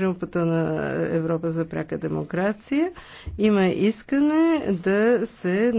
групата на Европа за пряка демокрация, има искане да се